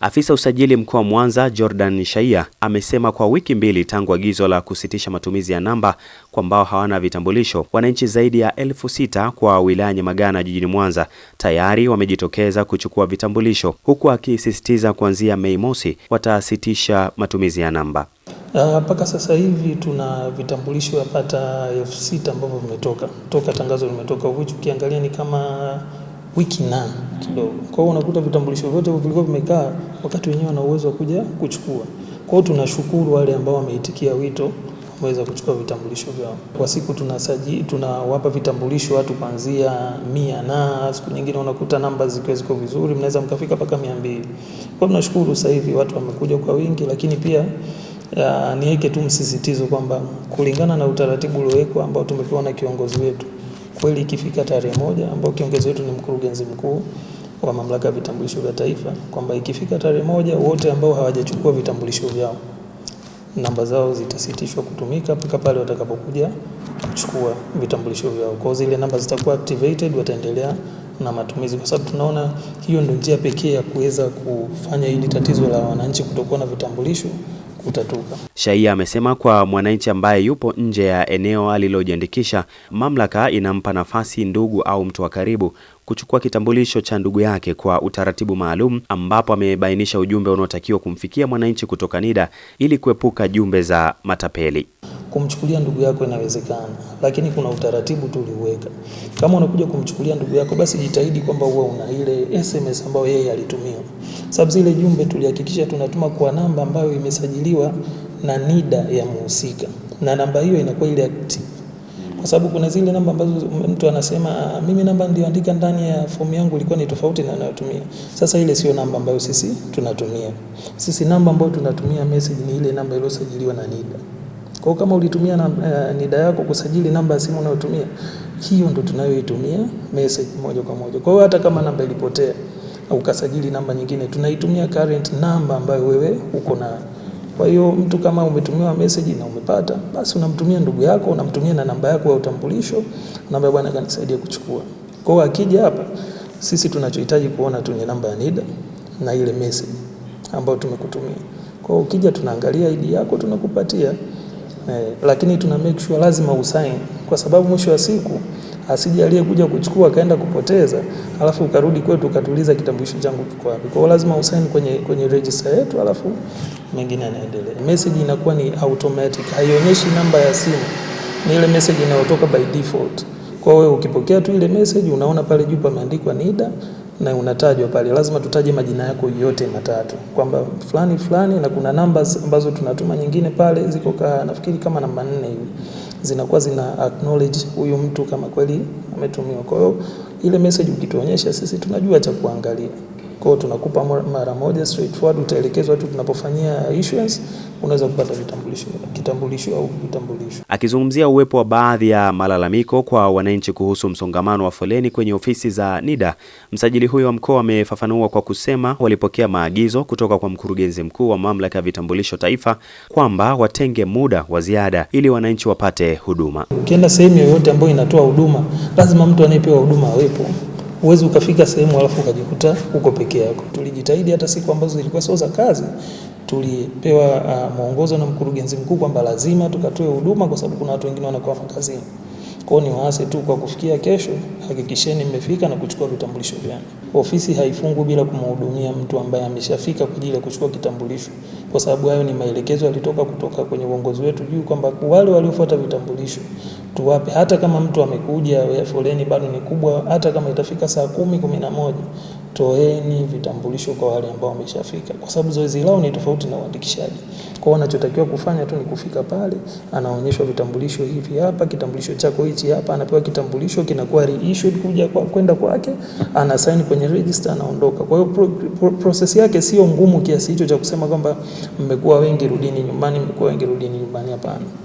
Afisa usajili mkoa wa Mwanza Jordan Shaia amesema kwa wiki mbili tangu agizo la kusitisha matumizi ya namba kwa ambao hawana vitambulisho, wananchi zaidi ya elfu sita kwa wilaya Nyamagana jijini Mwanza tayari wamejitokeza kuchukua vitambulisho, huku akisisitiza kuanzia Mei Mosi watasitisha matumizi ya namba. Ah, mpaka uh, sasa hivi tuna vitambulisho yapata elfu sita ambavyo vimetoka toka tangazo limetoka, ukiangalia ni kama wiki na kidogo. Kwa hiyo unakuta vitambulisho vyote vilikuwa vimekaa, wakati wenyewe wana uwezo wa kuja kuchukua. Kwa hiyo tunashukuru wale ambao wameitikia wito wameweza kuchukua vitambulisho vyao. Kwa siku tunasaji tunawapa vitambulisho watu kuanzia mia na siku nyingine unakuta namba zikiwa ziko vizuri mnaweza mkafika mpaka mia mbili. Kwa hiyo tunashukuru sasa hivi watu wamekuja kwa wingi, lakini pia niweke tu msisitizo kwamba kulingana na utaratibu uliowekwa ambao tumepewa na kiongozi wetu Kweli ikifika tarehe moja, ambayo kiongozi wetu ni mkurugenzi mkuu wa mamlaka ya vitambulisho vya taifa, kwamba ikifika tarehe moja wote ambao hawajachukua vitambulisho vyao namba zao zitasitishwa kutumika mpaka pale watakapokuja kuchukua vitambulisho vyao. Kwa zile namba zitakuwa activated, wataendelea na matumizi, kwa sababu tunaona hiyo ndio njia pekee ya kuweza kufanya hili tatizo la wananchi kutokuwa na vitambulisho utatoka. Shaia amesema kwa mwananchi ambaye yupo nje ya eneo alilojiandikisha, mamlaka inampa nafasi ndugu au mtu wa karibu kuchukua kitambulisho cha ndugu yake kwa utaratibu maalum, ambapo amebainisha ujumbe unaotakiwa kumfikia mwananchi kutoka NIDA ili kuepuka jumbe za matapeli kumchukulia ndugu yako inawezekana, lakini kuna utaratibu tu uliweka. Kama unakuja kumchukulia ndugu yako, basi jitahidi kwamba uwe una ile SMS ambayo yeye alitumia, sababu zile jumbe tulihakikisha tunatuma kwa namba ambayo imesajiliwa na NIDA ya muhusika, na namba hiyo inakuwa ile active, kwa sababu kuna zile namba ambazo mtu anasema ah, mimi namba niliyoandika ndani ya fomu yangu ilikuwa ni tofauti na anayotumia. sasa. Ile sio namba ambayo sisi tunatumia. Sisi namba ambayo tunatumia message ni ile namba iliyosajiliwa na NIDA. Kwa kama ulitumia na, uh, eh, NIDA yako kusajili namba ya simu unayotumia, hiyo ndo tunayoitumia message moja kwa moja. Kwa hiyo hata kama namba ilipotea au kasajili namba nyingine, tunaitumia current namba ambayo wewe uko nayo. Kwa hiyo mtu kama umetumiwa message na umepata, basi unamtumia ndugu yako, unamtumia na namba yako ya utambulisho, unaambia bwana, kanisaidia kuchukua. Kwa hiyo akija hapa, sisi tunachohitaji kuona tu ni namba ya NIDA na ile message ambayo tumekutumia. Kwa hiyo ukija, tunaangalia ID yako tunakupatia eh, lakini tuna make sure lazima usaini, kwa sababu mwisho wa siku asije aliyekuja kuchukua akaenda kupoteza, alafu ukarudi kwetu ukatuliza kitambulisho changu kiko wapi. Kwa hiyo lazima usaini kwenye, kwenye register yetu, alafu mengine yanaendelea. Message inakuwa ni automatic, haionyeshi namba ya simu, ni ile message inayotoka by default. Kwa hiyo ukipokea tu ile message unaona pale juu pameandikwa NIDA na unatajwa pale, lazima tutaje majina yako yote matatu kwamba fulani fulani, na kuna numbers ambazo tunatuma nyingine pale, ziko ka nafikiri kama namba nne hivi zinakuwa zina acknowledge huyu mtu kama kweli ametumiwa. Kwa hiyo ile message ukituonyesha sisi tunajua cha kuangalia. Kwa hiyo tunakupa mara moja straightforward, utaelekezwa tu tunapofanyia issuance, unaweza kupata vitambulisho kitambulisho au vitambulisho. Akizungumzia uwepo wa baadhi ya malalamiko kwa wananchi kuhusu msongamano wa foleni kwenye ofisi za NIDA, msajili huyo wa mkoa amefafanua kwa kusema walipokea maagizo kutoka kwa mkurugenzi mkuu wa mamlaka ya vitambulisho taifa kwamba watenge muda wa ziada ili wananchi wapate huduma. Ukienda sehemu yoyote ambayo inatoa huduma, lazima mtu anayepewa huduma awepo. Huwezi ukafika sehemu alafu ukajikuta uko peke yako. Tulijitahidi hata siku ambazo zilikuwa sio za kazi, tulipewa uh, mwongozo na mkurugenzi mkuu kwamba lazima tukatoe huduma kwa sababu kuna watu wengine wanakuwa kazini. Kwa ni waase tu kwa kufikia kesho, hakikisheni mmefika na kuchukua vitambulisho vyenu. Ofisi haifungwi bila kumhudumia mtu ambaye ameshafika kwa ajili ya kuchukua kitambulisho, kwa sababu hayo ni maelekezo yalitoka kutoka kwenye uongozi wetu juu kwamba wale waliofuata vitambulisho tuwape, hata kama mtu amekuja foleni bado ni kubwa, hata kama itafika saa kumi kumi na moja toeni vitambulisho kwa wale ambao wameshafika, kwa sababu zoezi lao ni tofauti na uandikishaji. Kwa hiyo anachotakiwa kufanya tu ni kufika pale, anaonyeshwa vitambulisho hivi, hapa kitambulisho chako hivi date hapa, anapewa kitambulisho kinakuwa reissued kuja kwenda kwake, ana sign kwenye register, anaondoka. Kwa hiyo process yake sio ngumu kiasi hicho cha kusema kwamba mmekuwa wengi rudini nyumbani, mmekuwa wengi rudini nyumbani, hapana.